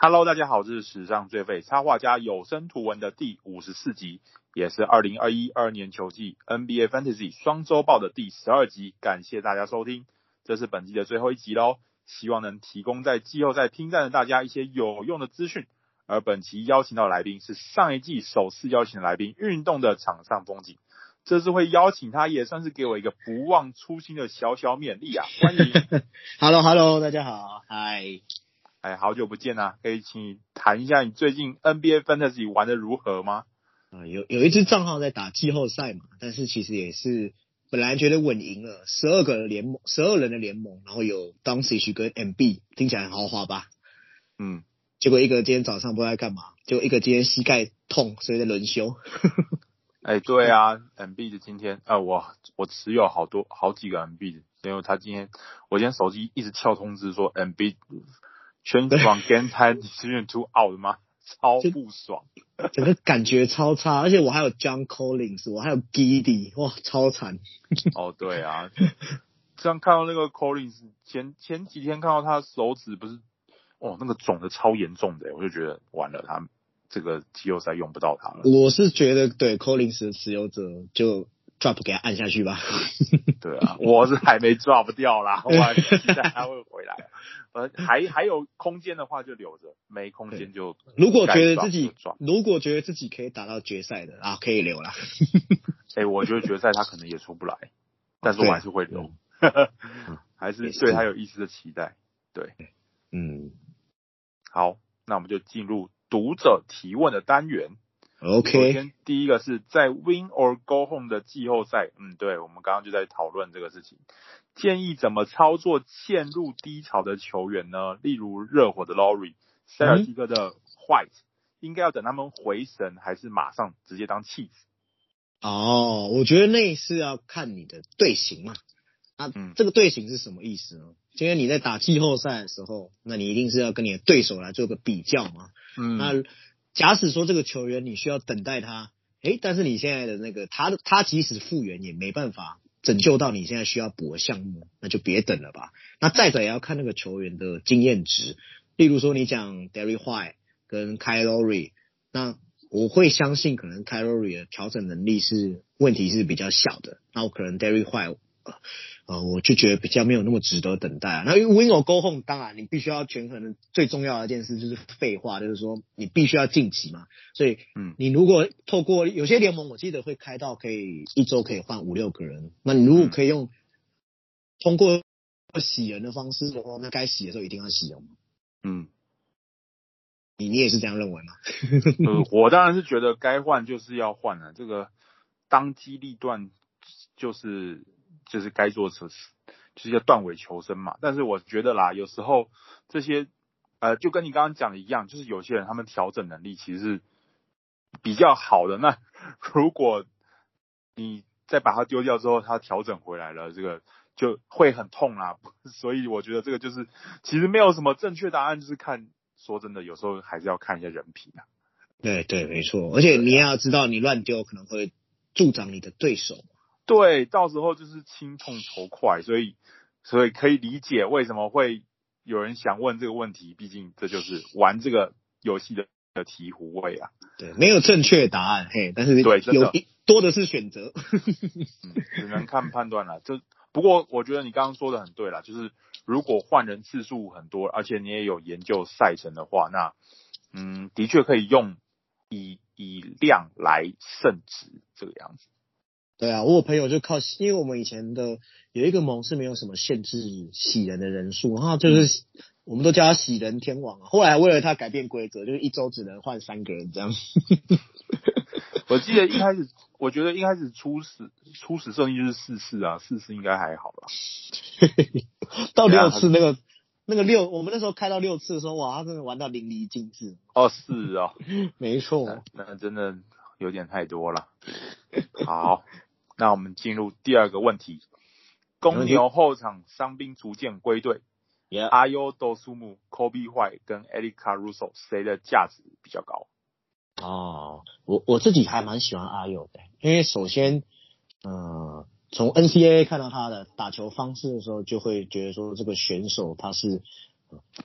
Hello，大家好，這是史上最廢插畫家有聲圖文的第五十四集，也是二零二一二二年球季 NBA Fantasy 雙週報的第十二集。感謝大家收聽，這是本季的最後一集嘍，希望能提供在季後賽拚戰的大家一些有用的資訊。而本期邀請到的來賓是上一季首次邀請的來賓，運動的場上風景，這次會邀請他，也算是給我一個不忘初心的小小勉勵啊！歡迎，Hello，Hello， hello, 大家好，嗨！Hi. 哎，好久不見吶！可以請你談一下你最近 NBA Fantasy 玩得如何嗎？啊，有有一支賬號在打季後賽嘛，但是其實也是本來覺得穩贏了，十二個人聯盟，十二人的聯盟，然後有 Doncic 跟 MB，聽起來很豪華吧？嗯，結果一個今天早上不知道在幹嘛，結果一個今天膝蓋痛，所以在輪休。哎， 對啊，MB 的今天啊、呃，我我持有好多好幾個 MB 的，因為他今天我今天手機一直跳通知說 MB。全爽，get hands too out 嗎？超不爽，整個感覺超差， 而且我還有 John Collins，我還有 Giddey，哇，超慘。 哦，對啊，這樣看到那個 Collins 前前幾天看到他手指不是，哦，那個腫的超嚴重的，我就覺得完了，他這個季後賽用不到他了。我是覺得對 Collins 的持有者就。Drop 給他按下去吧對。對啊，我是還沒 Drop 掉啦，我 還期待他會回來。呃，還還有空間的話就留着，沒空間就，轉就轉，如果覺得自己如果覺得自己可以打到決賽的啊，可以留啦。哎 欸，我覺得決賽他可能也出不來， 但是我還是會留、嗯，還是對他有一絲的期待。對，嗯，好，那我們就進入讀者提問的單元。OK，首先第一個是在 Win or Go Home 的季後賽，嗯，對，我們剛剛就在討論這個事情，建議怎麼操作陷入低潮的球員呢？例如熱火的 Lowry、嗯、塞爾提克的 White，應該要等他們回神，還是馬上直接當棄子？哦，我覺得那是要看你的隊形嘛。那、啊嗯、這個隊形是什麼意思呢？今天你在打季後賽的時候，那你一定是要跟你的對手來做個比較嘛。嗯，那。假使說這個球員你需要等待他，哎，但是你現在的那個他的他即使復原也沒辦法拯救到你現在需要補的項目，那就別等了吧。那再者也要看那個球員的經驗值，例如說你講 Derrick White 跟 Kyrie，那我會相信可能 Kyrie 的調整能力是問題是比較小的，那我可能 Derrick White。呃，我就覺得比較沒有那麼值得等待啊。那因為 Win or Go Home，當然你必須要權衡的最重要的一件事就是廢話，就是說你必須要晉級嘛。所以，嗯，你如果透過有些聯盟，我記得會開到可以一周可以換五六個人。那你如果可以用通過洗人的方式的話，那該洗的時候一定要洗人，哦。嗯，你你也是這樣認為嗎？嗯， 呃，我當然是覺得該換就是要換了，啊，這個當機立斷就是。就是該做的事，就是要斷尾求生嘛。但是我覺得啦，有時候這些呃，就跟你剛剛講的一樣，就是有些人他們調整能力其實是比較好的。那如果你再把它丟掉之後，它調整回來了，這個就會很痛啦、啊。所以我覺得這個就是其實沒有什麼正確答案，就是看說真的，有時候還是要看一下人品啊。對對，沒錯。而且你要知道你，你亂丟可能會助長你的對手。對，到時候就是親痛仇快，所以所以可以理解為什麼會有人想問這個問題，畢竟這就是玩這個遊戲的的醍醐味啊。對，沒有正確答案，嘿，但是有對，有多的是選擇， 嗯、只能看判斷了。就不過我覺得你剛剛說的很對了，就是如果換人次數很多，而且你也有研究賽程的話，那嗯，的確可以用以以量來勝質這個樣子。對啊，我朋友就靠，因為我們以前的有一個盟，是沒有什麼限制洗人的人數，然、啊、後就是我們都叫他洗人天王、啊、後來為了他改變規則，就是一周只能換三個人這樣。 我記得一開始，我覺得一開始初始初始勝利就是四次啊，四次應該還好啦。 到六次那個、啊、那個六，我們那時候開到六次的時候，哇，他真的玩到淋漓盡致。哦，是哦， 沒錯，那真的有點太多了。好。那我們進入第二個問題，公牛後場傷兵逐漸歸隊，阿尤、多蘇姆、科比壞跟艾麗卡·魯索，誰的價值比較高？哦、oh，我我自己還蠻喜歡阿尤的，因為首先，嗯、呃，從 NCAA 看到他的打球方式的時候，就會覺得說這個選手他是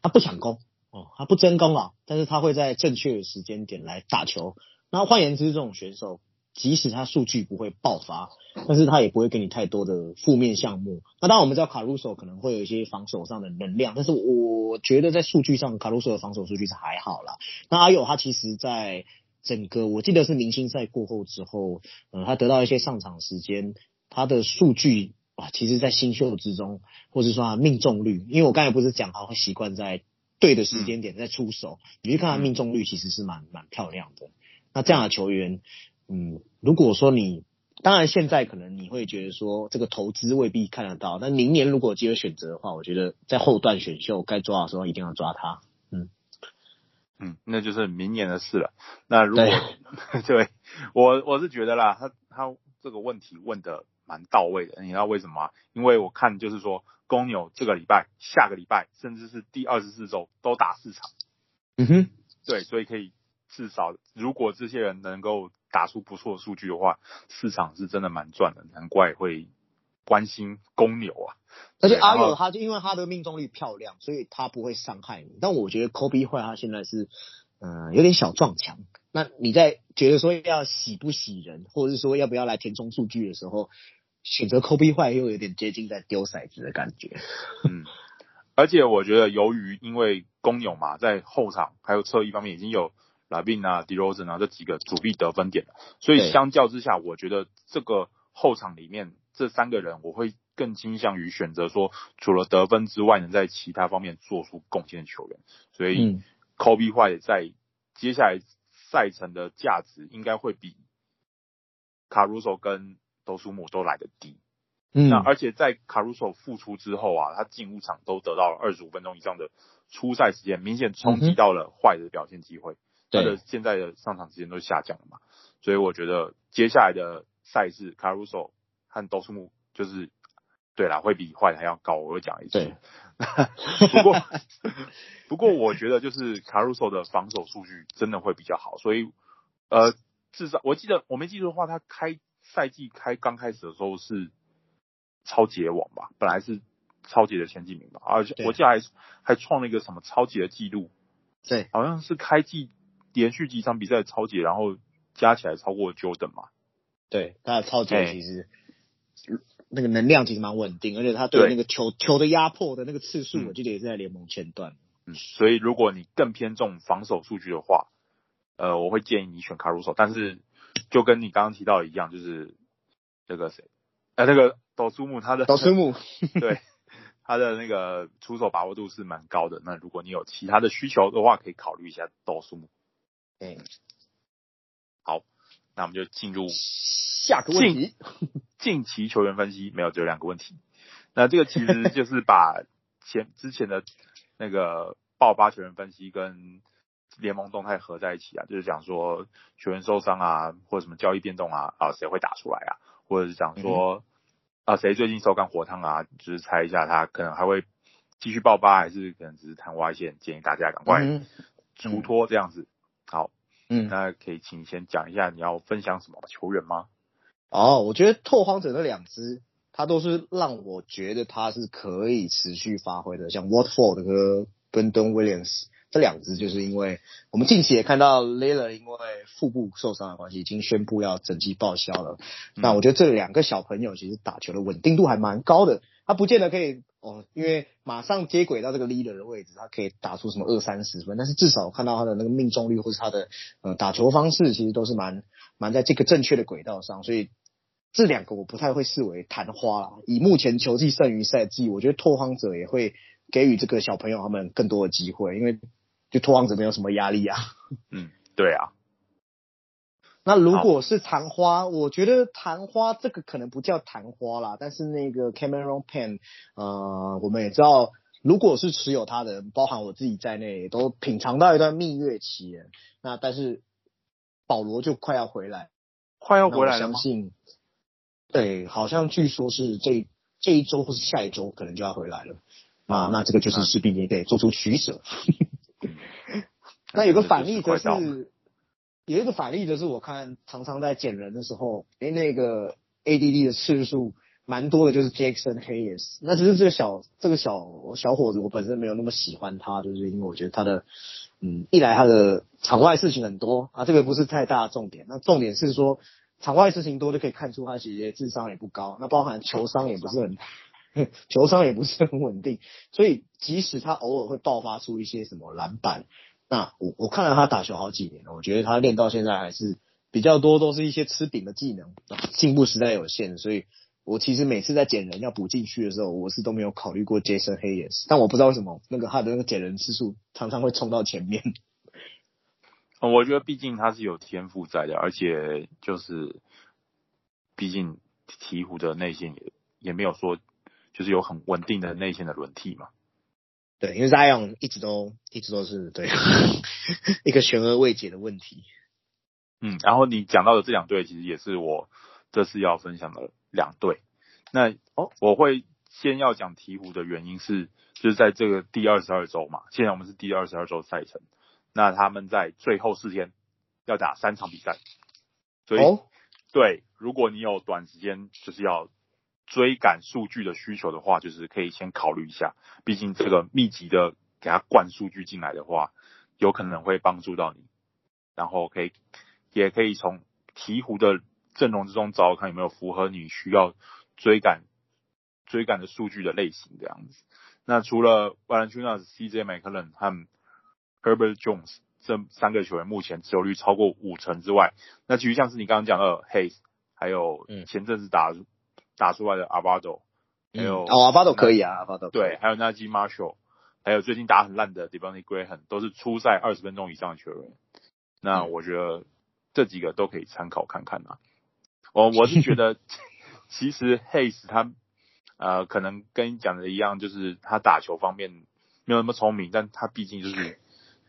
他不搶攻哦，他不爭攻啊，但是他會在正確的時間點來打球。那換言之，這種選手。即使他數據不會爆發，但是他也不會給你太多的負面項目。那當然我們知道卡魯索可能會有一些防守上的能量，但是我覺得在數據上，卡魯索的防守數據是還好啦。那阿友他其實在整個我記得是明星賽過後之後，嗯、呃，他得到一些上場時間，他的數據啊，其實在新秀之中，或者說他的命中率，因為我剛才不是講他會習慣在對的時間點再出手，嗯、你去看他命中率其實是蠻蠻漂亮的。那這樣的球員。嗯，如果說你，當然現在可能你會覺得說這個投資未必看得到，但明年如果有機會選擇的話，我覺得在後段選秀該抓的時候一定要抓他。嗯嗯，那就是明年的事了。那如果對， 對我我是覺得啦，他他這個問題問得蠻到位的，你知道為什麼嗎？因為我看就是說公牛這個禮拜、下個禮拜，甚至是第二十四周都打四場。嗯哼，對，所以可以至少如果這些人能夠。打出不錯的數據的話，市場是真的蠻賺的，難怪會關心公牛啊。而且阿尤他就因為他的命中率漂亮，所以他不會傷害你。但我覺得 Coby White，他現在是嗯、呃、有點小撞牆。那你在覺得說要洗不洗人，或者是說要不要來填充數據的時候，選擇 Coby White 又有點接近在丟骰子的感覺。嗯，而且我覺得，由於因為公牛嘛，在後場還有側翼方面已經有。拉賓啊迪羅森啊，這幾個主力得分點，所以相較之下，我覺得這個後場裡面這三個人，我會更傾向於選擇說，除了得分之外，能在其他方面做出貢獻的球員。所以，Kobe 壞在接下來賽程的價值應該會比卡魯索跟德蘇姆都來得低。嗯，那而且在卡魯索复出之後啊，他近五場都得到了二十五分鐘以上的出賽時間，明顯衝擊到了壞的表現機會。嗯他、呃、的現在的上場時間都下降了嘛，所以我覺得接下來的賽事，Caruso 和 Dosunmu 就是，對啦，會比壞的還要高。我會講一句， 不過 不過我覺得就是 Caruso 的防守數據真的會比較好，所以呃，至少我記得我沒記錯的話，他開賽季開剛開始的時候是超級網吧，本來是超級的前幾名吧，而且我記得還還創了一個什麼超級的記錄，對，好像是開季。連續幾場比賽抄截，然後加起來超過九等嘛？對，他的抄截，其實、欸、那個能量其實蠻穩定，而且他對那個球球的壓迫的那個次數、嗯，我記得也是在聯盟前段。嗯，所以如果你更偏重防守數據的話，呃，我會建議你選卡魯索。但是就跟你剛剛提到一樣，就是那個誰，哎、呃，那個 Dosunmu，他的 Dosunmu，對，他的那個出手把握度是蠻高的。那如果你有其他的需求的話，可以考慮一下 Dosunmu。嗯。好，那我們就進入下個問題。近，近期球員分析沒有，只有兩個問題。那這個其實就是把前 之前的那個爆發球員分析跟聯盟動態合在一起啊，就是講說球員受傷啊，或者什麼交易變動啊，啊誰會打出來啊？或者是講說嗯嗯啊誰最近手感火燙啊？就是猜一下他可能還會繼續爆發，還是可能只是曇花一現？建議大家趕快出脫這樣子。嗯嗯嗯，那可以請先講一下你要分享什麼球員嗎？哦、oh,，我覺得拓荒者，那兩支，他都是讓我覺得他是可以持續發揮的，像 Watford 跟 Brandon Williams 這兩支，就是因為我們近期也看到 Lillard 因為腹部受傷的關係，已經宣布要整季報銷了。嗯。那我覺得這兩個小朋友其實打球的穩定度還蠻高的。他不見得可以哦，因為馬上接軌到這個 leader 的位置，他可以打出什麼二三十分，但是至少我看到他的那個命中率或是他的呃打球方式，其實都是蠻蠻在這個正確的軌道上，所以這兩個我不太會視為曇花啦。以目前球季剩餘賽季，我覺得拓荒者也會給予這個小朋友他們更多的機會，因為就拓荒者沒有什麼壓力啊。嗯，對啊。那如果是曇花，我覺得曇花這個可能不叫曇花啦，但是那個 Cameron Payne 呃，我們也知道，如果是持有他的人，包含我自己在內，都品嘗到一段蜜月期。那但是保羅就快要回來，快要回來了，嗯、我相信，對，好像據說是這一這一週或是下一週可能就要回來了。啊，那這個就是勢必也得做出取捨。嗯、 那有個反例的是是就是。有一個反例就是，我看常常在撿人的時候，誒，那個 A D D 的次數蠻多的，就是 Jackson Hayes。那其實這個小這個小小伙子，我本身沒有那麼喜歡他，就是因為我覺得他的，嗯，一來他的場外事情很多，啊，這個不是太大的重點。那重點是說，場外事情多就可以看出他其實智商也不高，那包含球商也不是很，球 商 也不是很穩定。所以即使他偶爾會爆發出一些什麼籃板。那我我看到他打球好幾年了，我覺得他練到現在還是比較多，都是一些吃餅的技能，進步實在有限。所以，我其實每次在撿人要補進去的時候，我是都沒有考慮過 Jason Hayes。但我不知道為什麼那個他的那個撿人次數常常會衝到前面。嗯，我覺得畢竟他是有天賦在的，而且就是，畢竟鵜鶘的內線也也沒有說就是有很穩定的內線的輪替嘛。對，因為 Zion 一直都一直都是對一個懸而未解的問題。嗯，然後你講到的這兩隊，其實也是我這次要分享的兩隊。那哦，我會先要講鵜鶘的原因是，就是在這個第二十二周嘛，現在我們是第二十二周賽程，那他們在最後四天要打三場比賽，所以，哦，對，如果你有短時間就是要。追趕數據的需求的話，就是可以先考慮一下，畢竟這個密集的給他灌數據進來的話，有可能會幫助到你。然後可以，也可以從鵜鶘的陣容之中找，看有沒有符合你需要追趕追趕的數據的類型這樣子。那除了 Valanciunas、CJ McCollum 和 Herbert Jones 這三個球員目前持有率超過五成之外，那其實像是你剛剛講的 Hayes，還有前陣子打。嗯打出來的阿巴豆。還有哦阿巴豆可以啊，阿巴豆，啊。對，還有那基馬修，還有最近打很爛的迪邦尼格倫，都是出賽二十分鐘以上的球員。那我覺得這幾個都可以參考看看啊。我、嗯哦，我是覺得， 其實 Hayes 他呃，可能跟你講的一樣，就是他打球方面沒有那麼聰明，但他畢竟就是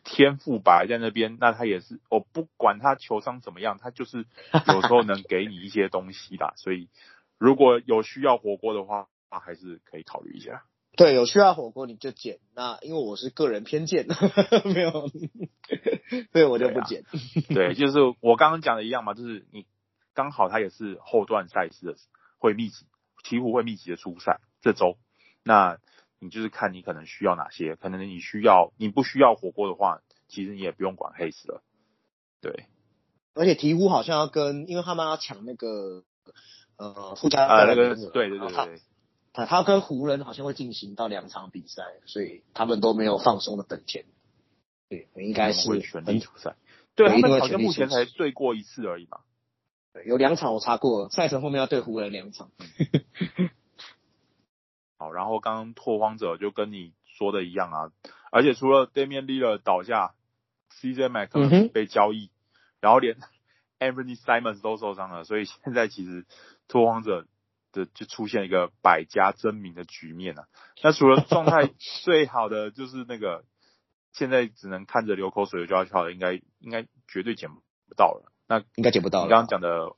天賦擺在那邊，嗯。那他也是，我、哦、不管他球商怎麼樣，他就是有時候能給你一些東西啦。 所以。如果有需要火鍋的話，還是可以考慮一下。對，有需要火鍋你就剪。那因為我是個人偏見，呵呵沒有，所 以我就不剪、啊。對，就是我剛剛講的一樣嘛，就是你剛好他也是後段賽事會密集，提烏會密集的出賽這週，那你就是看你可能需要哪些。可能你需要，你不需要火鍋的話，其實你也不用管黑死了。對，而且提烏好像要跟，因為他們要搶那個。呃，附加、啊、那個對，對對對，他他跟湖人好像會進行到兩場比賽，所以他們都沒有放鬆的本錢。對，應該是。總決賽。對他們好像目前才對過一次而已嘛。對，有兩場我查過賽程，後面要對湖人兩場。嗯、 好，然後剛剛拓荒者就跟你說的一樣啊，而且除了對面 Lillard 倒下，CJ 麥科被交易，嗯、然後連 Anthony Simons 都受傷了，所以現在其實。托荒者的就出現了一個百家爭鳴的局面吶、啊。那除了狀態最好的，就是那個 現在只能看着流口水的就要跳的，應該應該絕對撿不到了。那應該撿不到了。你剛剛講的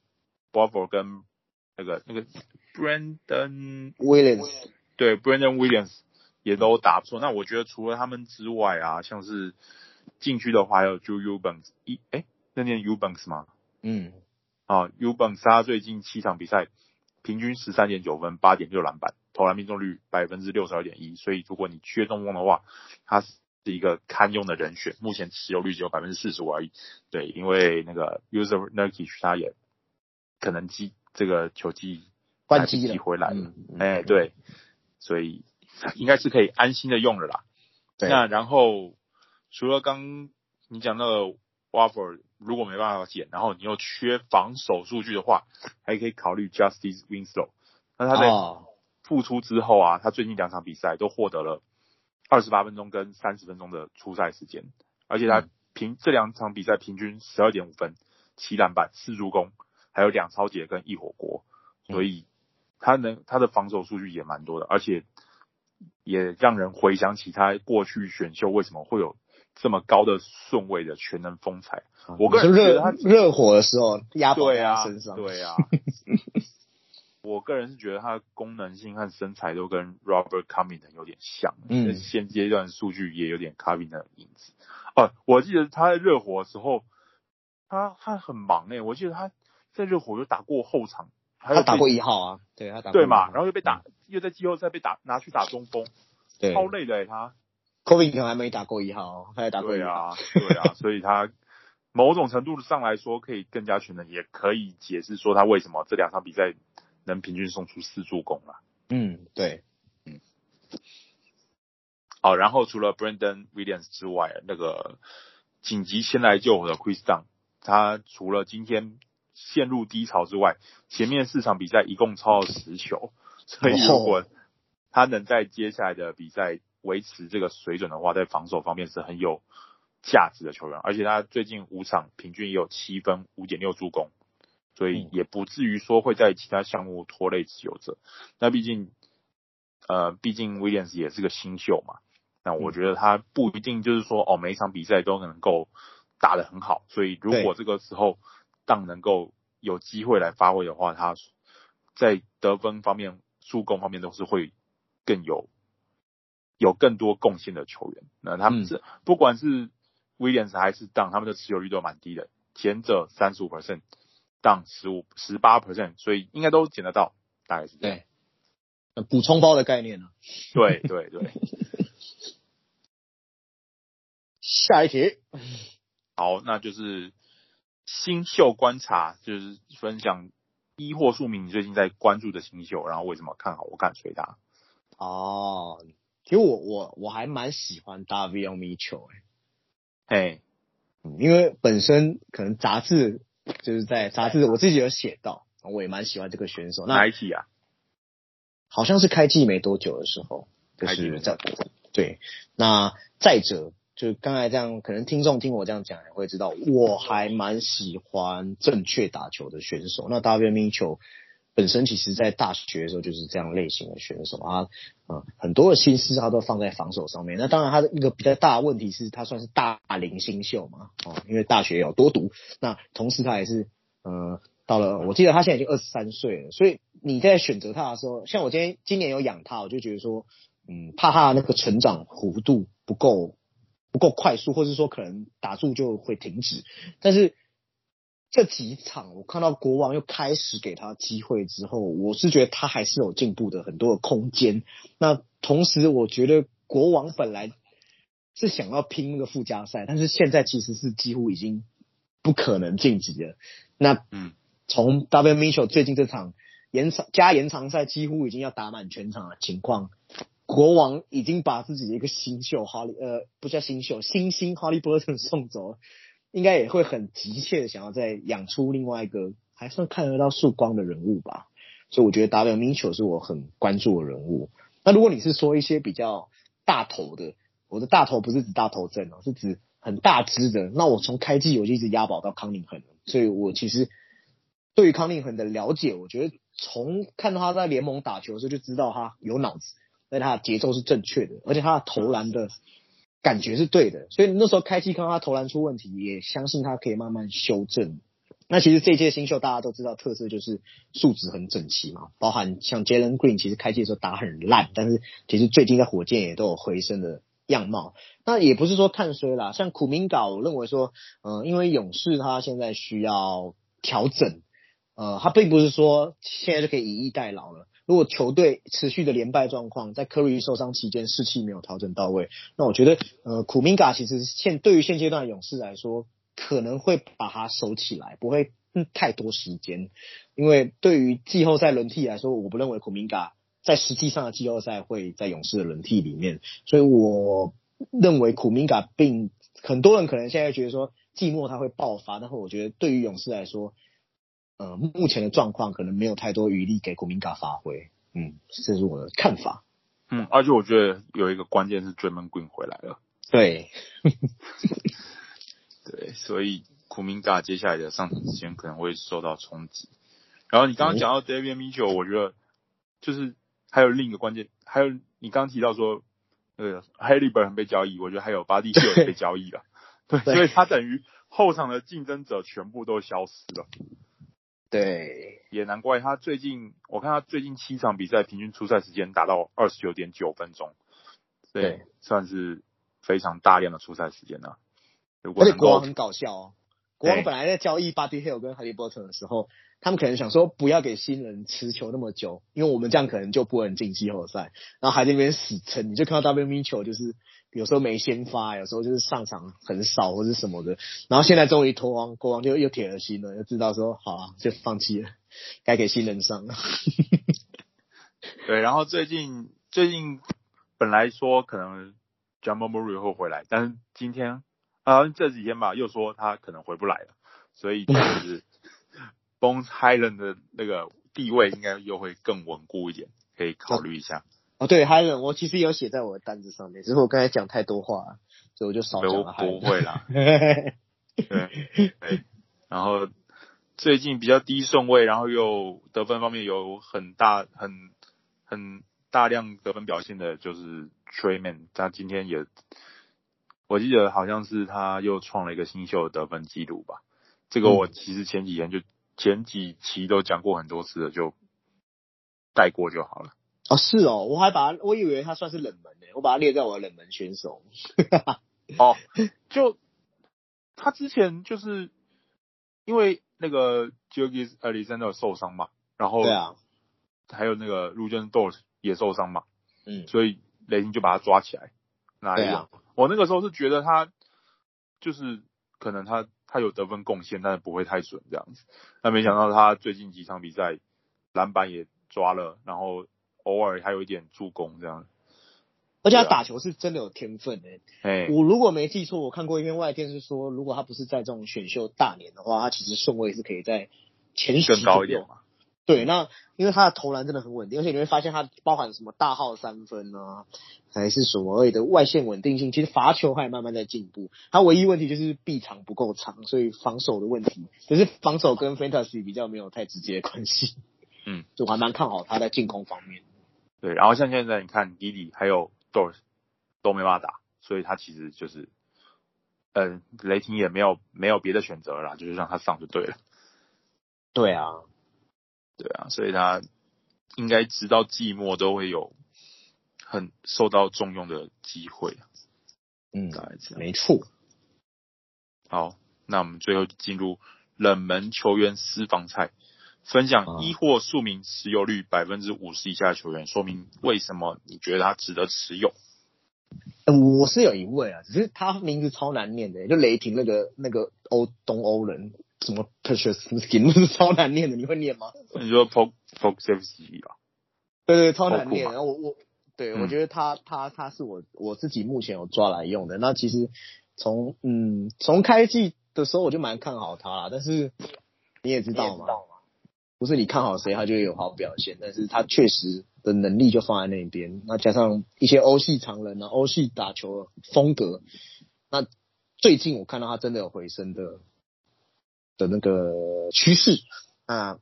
b o l e r 跟那個那個 Brandon Williams，對 Brandon Williams 也都打不錯、嗯。那我覺得除了他們之外啊，像是禁區的話，還有就 Eubanks 一、欸、哎，那念 Eubanks 嗎？嗯。啊、uh,，Eubanks 最近七場比賽平均十三點九分，八點六籃板，投籃命中率百分之六十二點一。所以如果你缺中鋒的話，他是一個堪用的人選。目前持有率只有百分之四十五而已。對，因為那個 Jusuf Nurkic 他也可能機這個球季關機了、嗯嗯嗯，哎，對，所以應該是可以安心的用了啦。對啊、那然後除了剛你講到的 Watford 如果沒辦法減，然後你又缺防守數據的話，還可以考慮 Justice Winslow。那他在復出之後啊，oh. 他最近兩場比賽都獲得了二十八分鐘跟三十分鐘的出賽時間，而且他平、嗯、這兩場比賽平均十二點五分、七籃板、四助攻，還有兩抄截跟一火鍋，所以他能他的防守數據也蠻多的，而且也讓人回想起他過去選秀為什麼會有。這麼高的順位的全能風采，嗯、我個人是是覺得他熱火的時候壓在身上，對呀、啊。對啊、 我個人是覺得他的功能性和身材都跟 Robert Covington 有點像，嗯，現、就、階、是、段數據也有點 Covington 的影子。哦、啊，我記得他在熱火的時候，他他很忙誒、欸，我記得他在熱火就打過後場，他打過一號啊，他對他打過一號對嘛，然後又被打，嗯、又在季後賽被打拿去打中鋒，超累的、欸、他。科賓球還沒打過一號，還有打過一號。對啊，對啊， 所以他某種程度上來說可以更加全能，也可以解釋說他為什麼這兩場比賽能平均送出四助攻了、啊。嗯，對，嗯。好、哦，然後除了 Brandon Williams 之外，那個緊急先來救火的 Chris Dunn，他除了今天陷入低潮之外，前面四場比賽一共抄了十球，所以如果他能在接下來的比賽、哦，比維持這個水準的話，在防守方面是很有價值的球員，而且他最近五場平均也有七分五點六助攻，所以也不至於說會在其他項目拖累持有者。嗯、那畢竟，呃，畢竟 Williams 也是個新秀嘛，那我覺得他不一定就是說、嗯、哦，每一場比賽都能夠打得很好。所以，如果這個時候當能夠有機會來發揮的話，他在得分方面、助攻方面都是會更有。有更多貢獻的球員，那他們是、嗯、不管是 Williams 還是當他們的持有率都蠻低的，前者三十五 percent，當十五十八 percent，所以應該都撿得到，大概是這樣。對，那補充包的概念呢、啊？對對對。對 下一題，好，那就是新秀觀察，就是分享一或數名你最近在關注的新秀，然後為什麼看好，我敢吹他。哦。其實我我我還蠻喜歡 Davion Mitchell，欸，欸，因為本身可能雜誌就是在雜誌，我自己有寫到，我也蠻喜歡這個選手。那賽季啊，好像是開季沒多久的時候，就是在對。那再者，就剛才這樣，可能聽眾聽我這樣講也會知道，我還蠻喜歡正確打球的選手。那 Davion Mitchell 本身其實在大學的時候就是這樣類型的選手啊，啊、呃，很多的心思他都放在防守上面。那當然，他的一個比較大的問題是他算是大齡新秀嘛、呃，因為大學有多讀。那同時他也是，呃，到了，我記得他現在已經二十三歲了。所以你在選擇他的時候，像我今天今年有養他，我就覺得說，嗯，怕他那個成長弧度不夠，不夠快速，或是說可能打住就會停止。但是這幾場我看到國王又開始給他機會之後，我是覺得他還是有進步的很多的空間。那同時，我覺得國王本來是想要拼那個附加賽，但是現在其實是幾乎已經不可能晉級了。那嗯，從 Davion Mitchell 最近這場延長加延長賽幾乎已經要打滿全場的情況，國王已經把自己的一個新秀哈利呃，不叫新秀，新星哈利波特送走了。應該也會很急切的想要再養出另外一個還算看得到曙光的人物吧，所以我覺得 W Mitchell 是我很關注的人物。那如果你是說一些比較大頭的，我的大頭不是指大頭針哦，是指很大隻的。那我從開季我就一直押寶到康寧恆，所以我其實對於康寧恆的了解，我覺得從看到他在聯盟打球的時候就知道他有腦子，而且他的節奏是正確的，而且他的投籃的。感覺是對的，所以那時候開季看到他投籃出問題，也相信他可以慢慢修正。那其實這屆新秀大家都知道，特色就是數值很整齊嘛，包含像 Jalen Green，其實開季的時候打很爛，但是其實最近在火箭也都有回升的樣貌。那也不是說看衰啦，像庫明加我認為說，嗯、呃，因為勇士他現在需要調整，呃，他並不是說現在就可以以逸待勞了。如果球隊持續的連敗狀況，在庫裡受傷期間士氣沒有調整到位，那我覺得，呃，庫明加其實現對於現階段的勇士來說，可能會把它守起來，不會、嗯、太多時間，因為對於季後賽輪替來說，我不認為庫明加在實際上的季後賽會在勇士的輪替裡面，所以我認為庫明加並很多人可能現在覺得說季末它會爆發，但我覺得對於勇士來說。呃，目前的狀況可能沒有太多餘力給古明嘎發揮，嗯，這是我的看法。嗯，而、啊、且我覺得有一個關鍵是 Draymond Green 回來了，對 ，對，所以古明嘎接下來的上場時間可能會受到衝擊。然後你剛剛講到 Davion Mitchell、嗯、我覺得就是還有另一個關鍵，還有你剛剛提到說那個、呃、Haliburton 被交易，我覺得還有巴蒂希爾被交易了，對，對，所以他等於後場的競爭者全部都消失了。對，也難怪他最近，我看他最近七場比賽平均出賽時間達到二十九點九分鐘，對，算是非常大量的出賽時間呢、啊。而且國王很搞笑哦，國王本來在交易巴蒂赫爾跟哈利伯頓的時候。他們可能想說，不要給新人持球那麼久，因為我們這樣可能就不能進季後賽。然後還在那邊死撐，你就看到 W Mitchell 就是有時候沒先發，有時候就是上場很少或者什麼的。然後現在終於脫光光，國王就又鐵了心了，又知道說好啊，就放棄了，該給新人上了。 對，然後最近最近本來說可能 Jamal Murray 會回來，但是今天啊這幾天吧又說他可能回不來了，所以就是。 Bones Hyland 的那個地位應該又會更穩固一點，可以考慮一下。哦，哦對 Hyland 我其實也有寫在我的單子上面。只是我剛才講太多話，所以我就少講不，不會啦 對對。對，然後最近比較低順位，然後又得分方面有很大、很、很大量得分表現的，就是 Trayman。他今天也，我記得好像是他又創了一個新秀的得分記錄吧？這個我其實前幾天就。嗯前幾期都講過很多次了，就帶過就好了。哦，是哦，我還把他，我以為他算是冷門呢，欸，我把他列在我的冷門選手。 哦，就他之前就是因為那個 Gilgeous-Alexander 受傷嘛，然後對啊，還有那個 Luguentz Dort 也受傷嘛，嗯，所以雷霆就把他抓起來，那一樣、啊。我那個時候是覺得他就是可能他。他有得分貢獻，但是不會太準這樣子。但沒想到他最近幾場比賽，籃板也抓了，然後偶爾還有一點助攻這樣。而且他打球是真的有天分誒。哎，我如果沒記錯，我看過一篇外電是說，如果他不是在這種選秀大年的話，他其實順位是可以在前十更高一點嘛。對，那因為他的投籃真的很穩定，而且你會發現他包含什麼大號三分啊，還是所謂的外線穩定性。其實罰球還慢慢在進步，他唯一問題就是臂長不夠長，所以防守的問題，可、就是防守跟 fantasy 比較沒有太直接的關係。嗯，就還蠻看好他在進攻方面。對，然後像現在你看，迪迪還有 Dort 都沒辦法打，所以他其實就是，嗯、呃、雷霆也沒有沒有別的選擇了啦，就是讓他上就對了。對啊。對啊，所以他應該直到季末都會有很受到重用的機會。嗯，大概這樣、嗯、沒錯。好，那我們最後進入冷門球員私房菜，分享一或數名持有率百分之五十以下球員，說明為什麼你覺得他值得持有。嗯、我是有一位啊，只是他名字超難念的，就雷霆那個那個歐東歐人。什麼 purchase skin 都是超難念的，你會念嗎？你說 p o k poke save c、啊、對，對對，超難念。然後我我，對、嗯、我覺得他他他是我我自己目前有抓來用的。那其實從嗯從開季的時候我就蠻看好他啦，但是你也知道嘛，道嗎不是你看好誰他就會有好表現，但是他確實的能力就放在那邊。那加上一些歐系長人啊，歐系打球風格，那最近我看到他真的有回升的的那個趨勢，那、呃、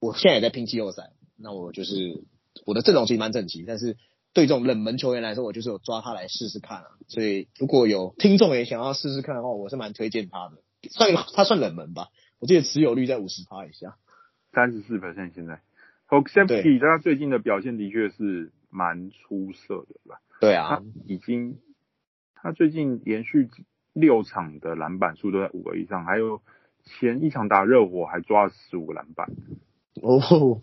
我現在也在拼季後賽，那我就是我的陣容其實蠻整齊，但是對這種冷門球員來說，我就是有抓他來試試看啊。所以如果有聽眾也想要試試看的話，我是蠻推薦他的，算他算冷門吧。我記得持有率在五十趴以下，三十四%現在。Pokusevski 他最近的表現的確是蠻出色的吧？對啊，已經他最近連續六場的籃板數都在五個以上，還有。前一場打熱火還抓了十五個籃板哦，oh,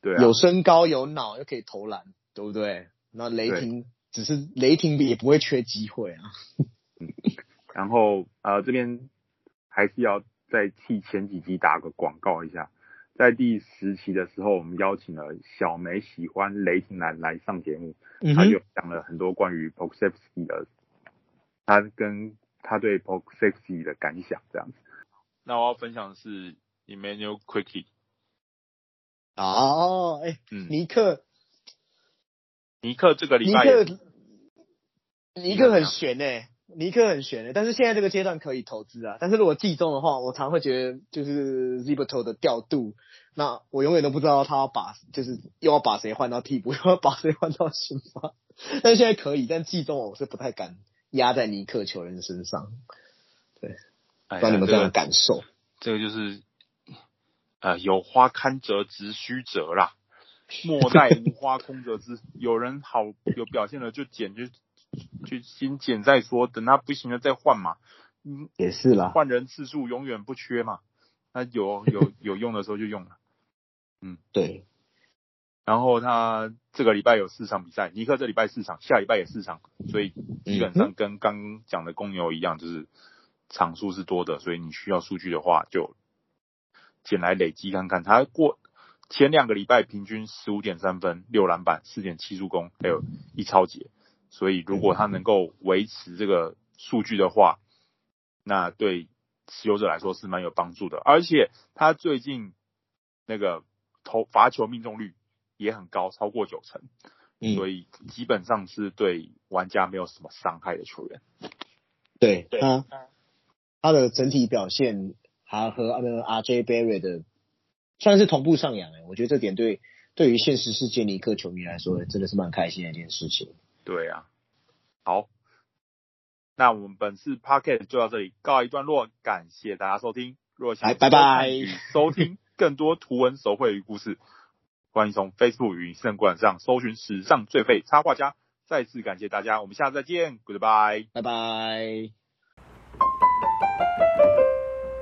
對啊，有身高有腦又可以投籃，對不對？那雷霆只是雷霆也不會缺機會啊。嗯、然後呃這邊還是要再替前幾集打個廣告一下，在第十期的時候我們邀請了小梅喜歡雷霆男來上節目，嗯，他就講了很多關於 Pokusevski 的，他跟他對 Pokusevski 的感想這樣子。那我要分享的是 Immanuel Quickley。哦，哎、欸嗯，尼克，尼克這個禮拜，尼克很懸呢。尼克很懸呢。但是現在這個階段可以投資啊。但是如果季中的話，我常會覺得就是 Thibodeau 的調度，那我永遠都不知道他要把就是又要把誰換到替補，又要把誰換到首發。但是現在可以，但季中我是不太敢壓在尼克球員身上，對。不知道你們這樣感受。哎這個，這個就是，呃，有花堪折直須折啦，莫待無花空折枝。 有人好有表現了就剪就就先剪再說，等他不行了再換嘛。嗯，也是啦，換人次數永遠不缺嘛。他有有有，有用的時候就用了，嗯，對。然後他這個禮拜有四場比賽，尼克這禮拜四場，下禮拜也四場，所以基本上跟剛講的公牛一樣，就是。嗯嗯場數是多的，所以你需要數據的話，就撿來累積看看。他過前兩個禮拜平均十五點三分，六籃板，四點七助攻，還有一抄截。所以如果他能夠維持這個數據的話，那對持有者來說是蠻有幫助的。而且他最近那個投罰球命中率也很高，超過九成，所以基本上是對玩家沒有什麼傷害的球員。對、嗯，對。他的整體表現還和阿 RJ Barrett 的算是同步上揚，欸、我覺得這點對對於現實世界尼克球迷來說，欸、真的是蠻開心的一件事情。對啊，好，那我們本次 Podcast 就到這裡告一段落，感謝大家收聽。下拜拜。收聽更多圖文手繪故事， 歡迎從 Facebook 與 Instagram 上搜尋史上最廢插畫家。再次感謝大家，我們下次再見，Goodbye，拜拜。Bye bye